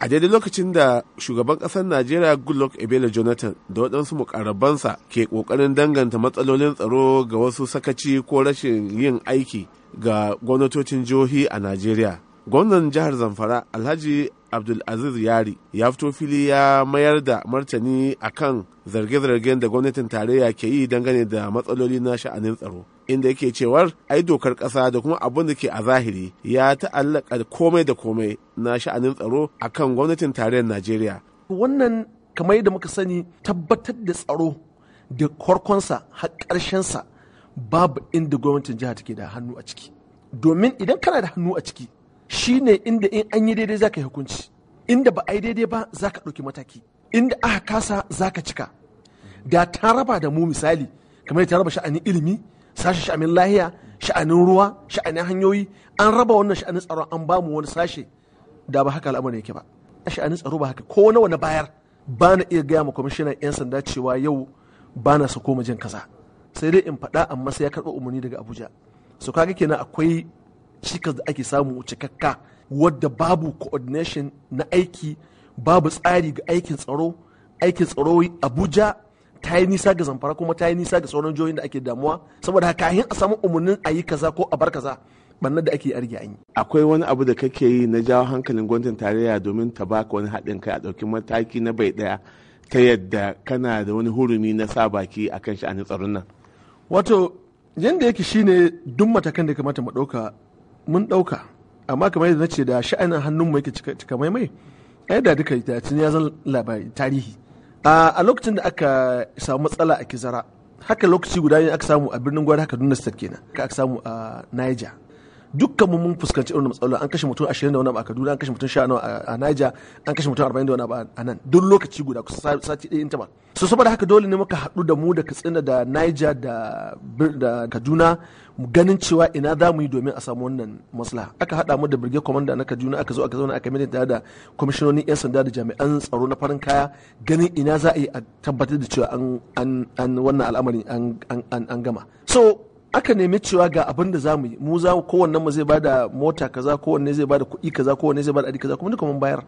a daidai lokacin da shugaban ƙasar najeriya goodluck ebele jonathan da waɗansu mukarrabansa ke ƙoƙarin danganta matsalolin tsaro ga wasu sakaci ko rashin yin aiki ga gwamnatocin jihohi a najeriya gwamnan jihar zamfara alhaji abdulaziz yari ya fito fili ya mayar da martani akan zarge-zargen da gwamnatin tarayya ke yi dangane da matsaloli na sha'anin tsaro inda yake cewar ai dokar ƙasa da kuma abin da ke a zahiri ya ta'allaka komai da komai na sha'anin tsaro akan gwamnatin tarayyar najeriya wannan kamar yadda muka sani tabbatar da tsaro da korkonsa har ƙarshensa babu inda gwamnatin jihar take da hannu a ciki domin idan kana da hannu a ciki Shi ne inda in an yi daidai za ka yi hukunci inda ba a yi daidai ba za ka ɗauki mataki inda aka kasa za ka cika da ta raba da mu misali kamar ta raba sha'anin ilimi sashe sha'anin lahiya sha'anin ruwa sha'anin hanyoyi an raba wannan sha'anin tsaro an ba mu wani sashe da ba haka al'amarin yake ba sha'anin tsaro ba haka ko nawa na bayar ba na iya gaya ma kwamishinan 'yan sanda cewa yau ba na sako jin kaza sai dai in faɗa amma sai ya karɓa umarni daga abuja so kaga kenan akwai cikas da ake samu cikakka wadda babu coordination na aiki babu tsari ga aikin tsaro aikin tsaro abuja ta yi nisa ga zamfara kuma ta yi nisa ga sauran jihohin da ake damuwa saboda haka kayan a samu umarnin a yi kaza ko a bar kaza bannan da ake arge an yi. Akwai wani abu da kake yi na jawo hankalin gwamnatin tarayya domin ta baka wani haɗin kai a ɗauki mataki na bai ɗaya ta yadda kana da wani hurumi na sa baki akan sha'anin tsaron nan. Wato yanda yake shine duk matakan da kamata mu ɗauka mun ɗauka amma kamar yadda na ce da sha'anin hannun mai cika maimai a yadda da duka ya zan labari tarihi a lokacin da aka samu matsala a kizara haka lokaci guda ne aka samu a birnin gwari haka duna state kenan aka samu a niger dukkan mun fuskanci irin matsala an kashe mutum 20 da wani abu a Kaduna an kashe mutum 19 a Niger an kashe mutum 40 da wani abu a nan duk lokaci guda kusa sati ɗaya ta ba so saboda haka dole ne muka haɗu da mu da Katsina da Niger da da Kaduna ganin cewa ina za mu yi domin a samu wannan matsala. aka haɗa mu da birge komanda na Kaduna aka zo aka zauna aka minta da kwamishinonin 'yan sanda da jami'an tsaro na farin kaya ganin ina za a yi a tabbatar da cewa an wannan al'amarin an gama so aka nemi cewa ga abin da zamu yi mu za kowanne mu zai bada mota kaza kowanne zai bada kuɗi kaza kowanne zai bada adi kaza kuma duka mun bayar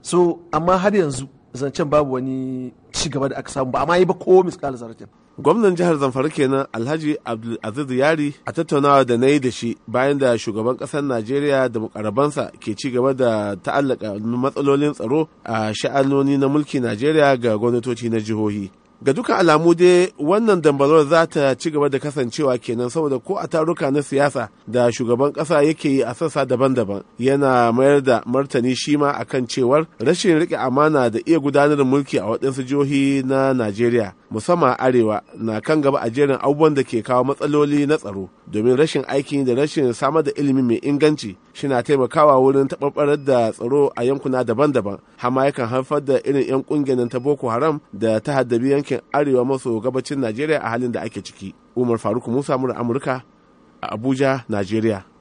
so amma har yanzu zancen babu wani ci gaba da aka samu ba amma yi ba ko misƙalar zarafin gwamnan jihar zamfara kenan alhaji abdulaziz yari a tattaunawa da na yi da shi bayan da shugaban kasar najeriya da mukarabansa ke ci gaba da ta'allaka matsalolin tsaro a sha'anoni na mulki najeriya ga gwamnatoci na jihohi ga dukan alamu dai wannan dambarwar za ta ci gaba da kasancewa kenan saboda ko a taruka na siyasa da shugaban kasa yake yi a sassa daban-daban yana mayar da martani shi ma kan cewar rashin riƙe amana da iya gudanar mulki a waɗansu jihohi na najeriya musamman arewa na kan gaba a jerin abubuwan da ke kawo matsaloli na tsaro domin rashin aiki da rashin samar da ilimi mai inganci shina taimakawa wurin taɓarɓarar da tsaro a yankuna daban-daban hama yakan haifar da irin 'yan ƙungiyar ta boko haram da ta haddabi yankin arewa maso gabacin najeriya a halin da ake ciki umar faruk musa mura amurka a abuja najeriya